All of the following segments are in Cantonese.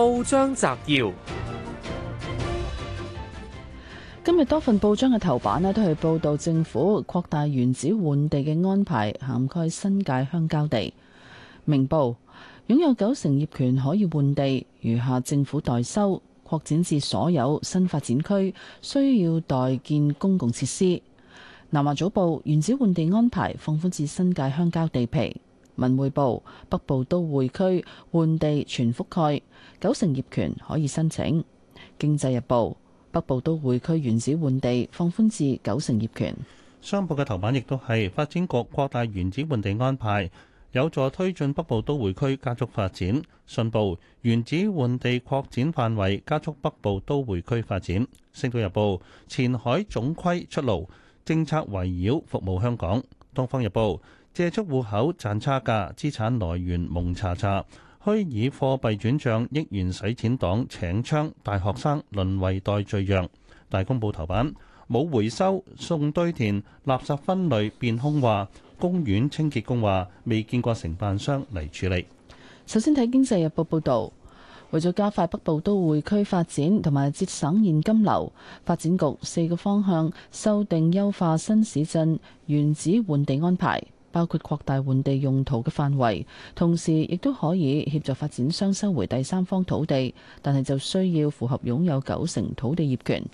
報章摘要：今日多份報章嘅頭版咧，都係報道政府擴大原址換地嘅安排，涵蓋新界鄉郊地。明報擁有九成業權可以換地，餘下政府代收，擴展至所有新發展區需要代建公共設施。南華早報原址換地安排放寬至新界鄉郊地皮。文匯報北部都會區換地全覆蓋，九成業權可以申請。經濟日報北部都會區原址換地放寬至九成業權。商報嘅頭版亦都係發展局擴大原址換地安排，有助推進北部都會區加速發展。信報原址換地擴展範圍，加速北部都會區發展。星島日報前海總規出爐，政策圍繞服務香港。東方日報。借出戶口賺差價，資產來源蒙查查，虛擬貨幣轉賬，億元洗錢黨，請槍大學生淪為代罪羊。大公報頭版冇回收送堆填，垃圾分類變空話。公園清潔工話未見過承辦商嚟處理。首先睇《經濟日報》報導，為咗加快北部都會區發展同埋節省現金流，發展局四個方向修訂優化新市鎮原址換地安排。包括擴大換地用途嘅範圍，同時亦都可以協助發展商收回第三方土地，但係就需要符合擁有九成土地業權。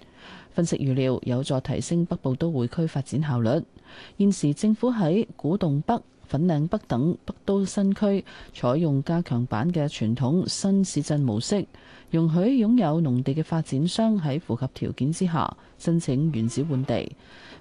分析預料有助提升北部都會區發展效率。現時政府喺古洞北。粉嶺北等北都新區採用加強版嘅傳統新市鎮模式，容許擁有農地嘅發展商喺符合條件之下申請原址換地。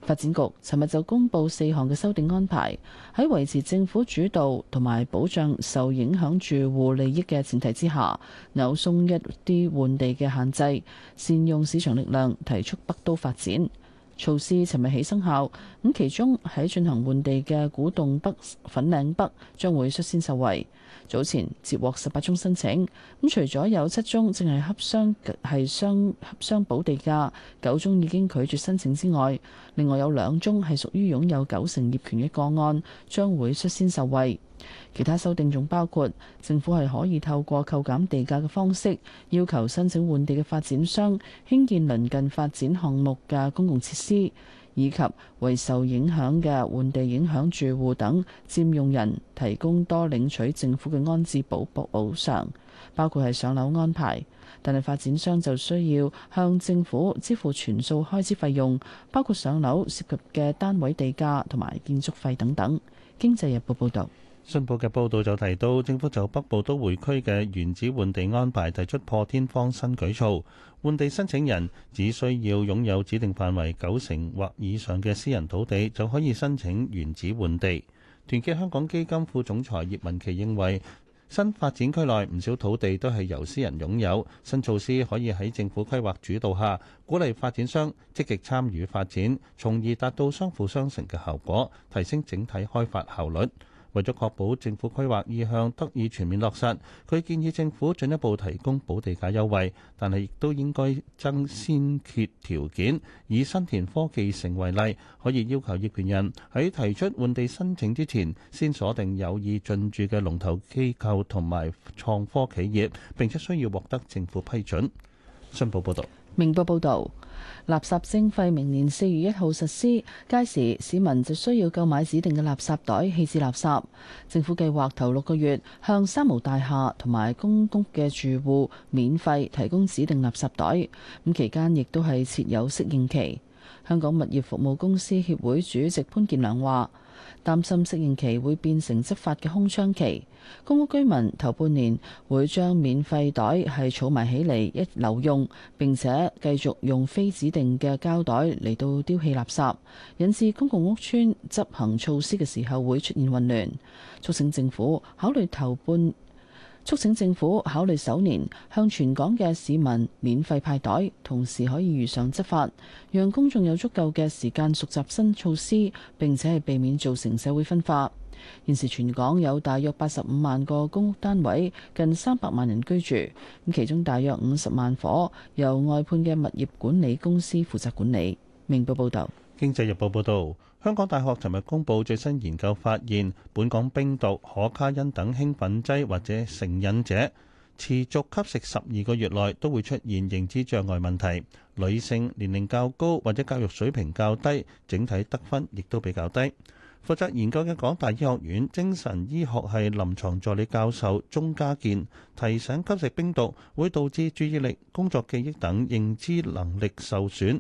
發展局尋日就公布四項嘅修訂安排，喺維持政府主導同埋保障受影響住戶利益嘅前提之下，扭鬆一啲換地嘅限制，善用市場力量，提速北都發展。措施尋日起生效，咁其中喺進行換地嘅古洞北、粉嶺北將會率先受惠。早前接獲十八宗申請，咁除咗有七宗淨係洽商係商洽商補地價，九宗已經拒絕申請之外，另外有兩宗係屬於擁有九成業權嘅個案，將會率先受惠。其他修訂仲包括政府係可以透過扣減地價嘅方式，要求申請換地嘅發展商興建鄰近發展項目嘅公共設施，以及為受影響嘅換地影響住戶等佔用人提供多領取政府嘅安置補補補償，包括係上樓安排。但係發展商就需要向政府支付全數開支費用，包括上樓涉及嘅單位地價同埋建築費等等。經濟日報報導。信報嘅報道就提到，政府就北部都會區嘅原址換地安排提出破天荒新舉措，換地申請人只需要擁有指定範圍九成或以上嘅私人土地就可以申請原址換地。團結香港基金副總裁葉文琪認為，新發展區內唔少土地都係由私人擁有，新措施可以喺政府規劃主導下，鼓勵發展商積極參與發展，從而達到相輔相成嘅效果，提升整體開發效率。為咗確保政府規劃意向得以全面落實，佢建議政府進一步提供補地價優惠，但係亦都應該增先決條件。以新田科技城為例，可以要求業權人喺提出換地申請之前，先鎖定有意進駐嘅龍頭機構同埋創科企業，並且需要獲得政府批准。申報報導。明報報道，垃圾徵費明年四月一號實施，屆時市民就需要購買指定嘅垃圾袋棄置垃圾。政府計劃頭六個月向三無大廈同埋公屋嘅住戶免費提供指定垃圾袋，咁期間亦都係設有適應期。香港物業服務公司協會主席潘建良話，擔心適應期會變成執法嘅空窗期，公屋居民頭半年會將免費袋係儲埋起嚟一留用，並且繼續用非指定嘅膠袋嚟到丟棄垃圾，引致公共屋邨執行措施嘅時候會出現混亂，促醒政府考慮頭半。促請政府考慮首年向全港嘅市民免費派袋，同時可以如常執法，讓公眾有足夠嘅時間熟習新措施，並且係避免造成社會分化。現時全港有大約八十五萬個公屋單位，近三百萬人居住，咁其中大約五十萬伙由外判嘅物業管理公司負責管理。明報報道。經濟日報報導，香港大學尋日公布最新研究發現，本港冰毒、可卡因等興奮劑或者成癮者，持續吸食十二個月內都會出現認知障礙問題。女性、年齡較高或者教育水平較低，整體得分亦都比較低。負責研究嘅港大醫學院精神醫學系臨床助理教授鍾家健提醒，吸食冰毒會導致注意力、工作記憶等認知能力受損。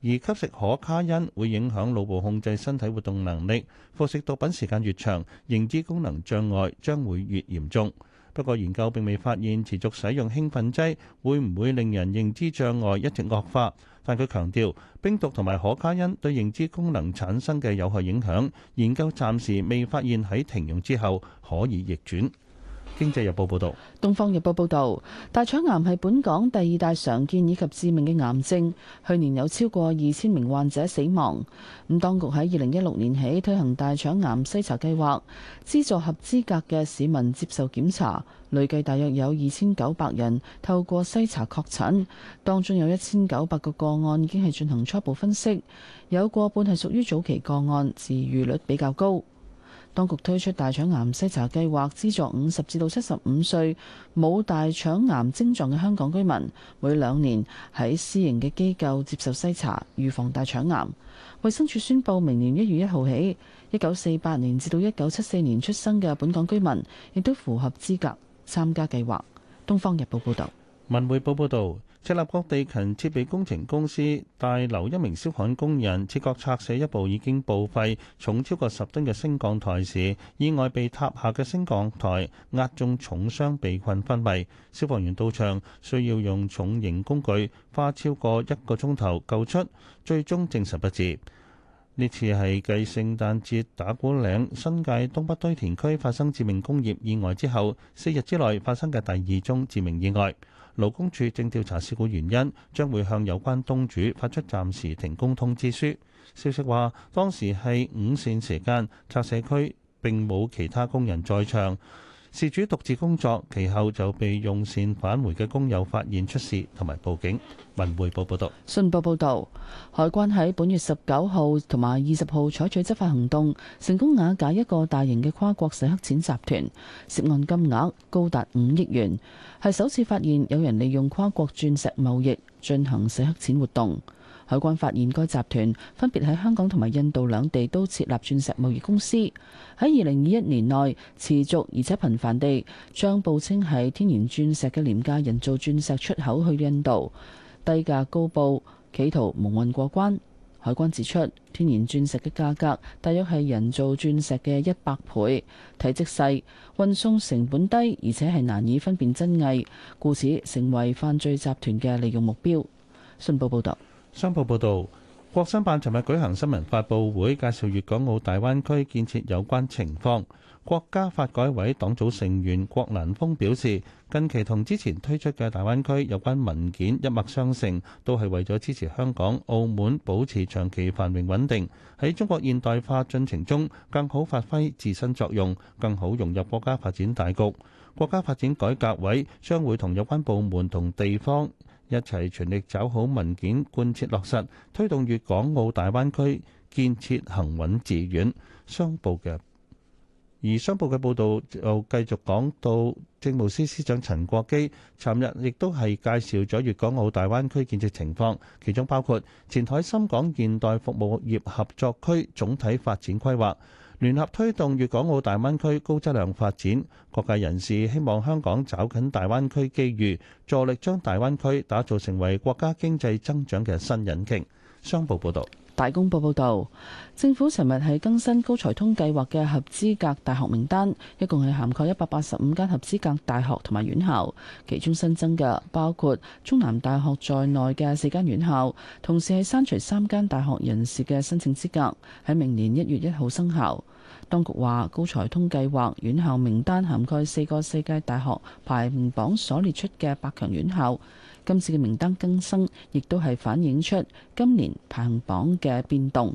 而吸食可卡因會影響腦部控制身體活動能力，服食毒品時間越長，認知功能障礙將會越嚴重。不過，研究並未發現持續使用興奮劑會唔會令人認知障礙一直惡化。但佢強調，冰毒同埋可卡因對認知功能產生嘅有害影響，研究暫時未發現喺停用之後可以逆轉。經濟日報報道，東方日報報道，大腸癌係本港第二大常見以及致命嘅癌症，去年有超過二千名患者死亡。咁當局喺二零一六年起推行大腸癌篩查計劃，資助合資格嘅市民接受檢查，累計大約有二千九百人透過篩查確診，當中有一千九百個個案已經係進行初步分析，有過半係屬於早期個案，治癒率比較高。當局推出大腸癌篩查計劃，資助五十至到七十五歲冇大腸癌症狀嘅香港居民，每兩年喺私營嘅機構接受篩查，預防大腸癌。衛生署宣布，明年一月一號起，一九四八年至到一九七四年出生嘅本港居民亦都符合資格參加計劃。《東方日報》報道。《文匯報》報導。赤鱲角地勤設備工程公司大樓一名消防工人切割拆卸一部已經報廢、重超過十噸嘅升降台時，意外被塌下嘅升降台壓中，重傷被困昏迷。消防員到場需要用重型工具，花超過一個鐘頭救出，最終證實不治。呢次係繼聖誕節打鼓嶺新界東北堆填區發生致命工業意外之後，四日之內發生嘅第二宗致命意外。勞工處正調查事故原因，將會向有關東主發出暫時停工通知書。消息話，當時係午膳時間，拆卸區並冇其他工人在場。事主獨自工作，其後就被用膳返回嘅工友發現出事，同埋報警。文匯報報道：「信報報道，海關喺本月十九號同埋二十號採取執法行動，成功瓦解一個大型嘅跨國洗黑錢集團，涉案金額高達五億元，係首次發現有人利用跨國鑽石貿易進行洗黑錢活動。海關發現該集團分別喺香港同埋印度兩地都設立鑽石貿易公司，喺二零二一年內持續而且頻繁地將報稱係天然鑽石嘅廉價人造鑽石出口去印度，低價高報，企圖蒙混過關。海關指出，天然鑽石嘅價格大約係人造鑽石嘅一百倍，體積細，運送成本低，而且係難以分辨真偽，故此成為犯罪集團嘅利用目標。信報報道。商報報導，國新辦尋日舉行新聞發佈會，介紹粵港澳大灣區建設有關情況。國家發改委黨組成員郭蘭峰表示，近期同之前推出嘅大灣區有關文件一脈相承，都係為咗支持香港、澳門保持長期繁榮穩定，喺中國現代化進程中更好發揮自身作用，更好融入國家發展大局。國家發展改革委將會同有關部門同地方，一齊全力走好文件貫徹落實，推動粵港澳大灣區建設行穩致遠。商報嘅而商報嘅報導又繼續講到，政務司司長陳國基尋日亦都係介紹咗粵港澳大灣區建設情況，其中包括前海深港現代服務業合作區總體發展規劃，聯合推動粵港澳大灣區高質量發展，各界人士希望香港抓緊大灣區機遇，助力將大灣區打造成為國家經濟增長嘅新引擎。商報報導。大公報報導，政府尋日係更新高才通計劃嘅合資格大學名單，一共係涵蓋一百八十五間合資格大學同埋院校，其中新增嘅包括中南大學在內嘅四間院校，同時係刪除三間大學人士嘅申請資格，喺明年一月一號生效。當局話，高才通計劃院校名單涵蓋四個世界大學排名榜所列出嘅百強院校。今次嘅名單更新，亦都係反映出今年排行榜嘅變動。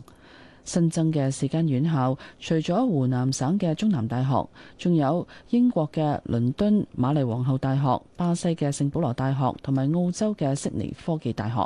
新增嘅四間院校，除咗湖南省嘅中南大學，仲有英國嘅倫敦瑪麗皇后大學、巴西嘅聖保羅大學同埋澳洲嘅悉尼科技大學。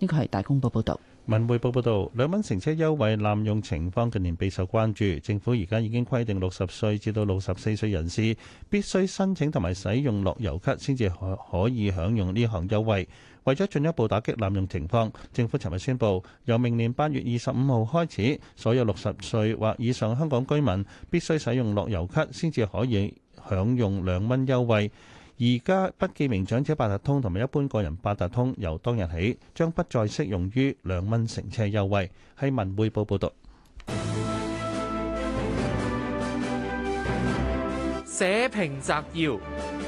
呢個係大公報報道。文匯報報道，兩蚊乘車優惠濫用情況近年備受關注。政府而家已經規定，六十歲至到六十四歲人士必須申請同埋使用樂悠卡，先至可可以享用呢項優惠。為咗進一步打擊濫用情況，政府尋日宣布，由明年八月二十五號開始，所有六十歲或以上香港居民必須使用樂悠卡，先至可以享用兩蚊優惠。而家不記名長者八達通同埋一般個人八達通，由當日起將不再適用於兩蚊乘車優惠。係文匯報報讀。社評摘要。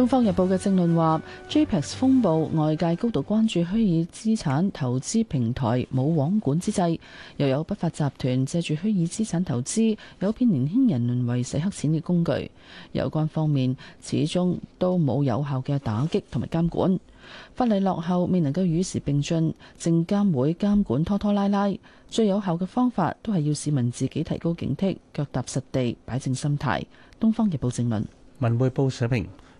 東方日報嘅政論話，JPEX 風暴外界高度關注虛擬資產投資平台冇網管之際，又有不法集團借住虛擬資產投資，誘騙年輕人淪為洗黑錢嘅工具。有關方面始終都冇有,有效嘅打擊同埋監管，法例落後未能夠與時並進，證監會監管拖拖拉拉。最有效嘅方法都係要市民自己提高警惕，腳踏實地，擺正心態。東方日報政論文匯報寫明……」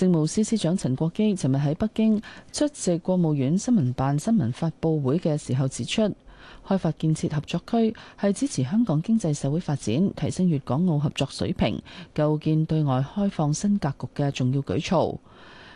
政務司司長陳國基尋日喺北京出席國務院新聞辦新聞發布會嘅時候指出，開發建設合作區係支持香港經濟社會發展、提升粵港澳合作水平、構建對外開放新格局嘅重要舉措。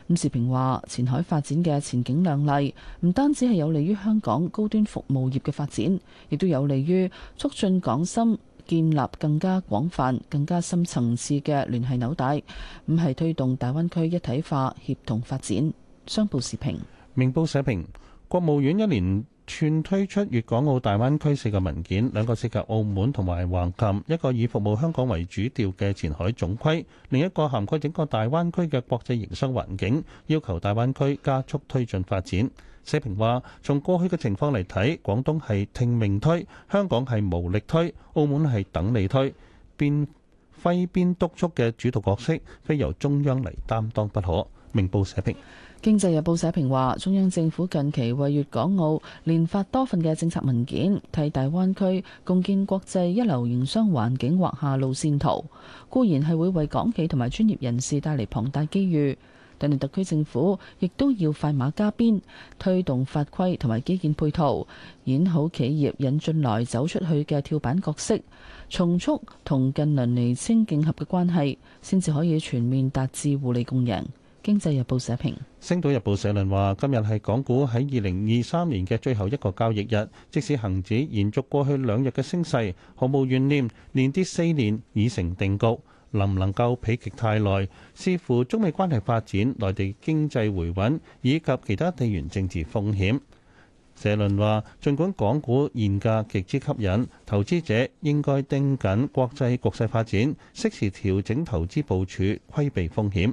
伍志平話，前海發展嘅前景亮麗，唔單止係有利於香港高端服務業嘅發展，亦都有利於促進港深。建立更加廣泛、更加深層次嘅聯繫紐帶，唔係推動大灣區一體化協同發展。商報時評，明報社評，國務院一年。全推出粵港澳大灣區四個文件，兩個涉及澳門同埋橫琴，一個以服務香港為主調嘅前海總規，另一個涵蓋整個大灣區嘅國際營商環境，要求大灣區加速推進發展。社評話從過去嘅情況嚟睇，廣東係聽命推，香港係無力推，澳門係等你推，邊揮邊督促嘅主導角色，非由中央嚟擔當不可。明報社評。經濟日報社評話，中央政府近期為粵港澳連發多份嘅政策文件，替大灣區共建國際一流營商環境畫下路線圖，固然係會為港企同埋專業人士帶嚟龐大機遇，但係特區政府亦都要快馬加鞭推動法規同埋基建配套，演好企業引進來走出去嘅跳板角色，重塑同近鄰釐清競合嘅關係，先至可以全面達至互利共贏。《經濟日報》社評，《星島日報》社論話：今日係港股喺二零二三年嘅最後一個交易日，即使恆指延續過去兩日嘅升勢，毫無懸念，連跌四年已成定局，能唔能夠否極泰來？視乎中美關係發展、內地經濟回穩以及其他地緣政治風險。社論話：儘管港股現價極之吸引，投資者應該盯緊國際局勢發展，適時調整投資部署，規避風險。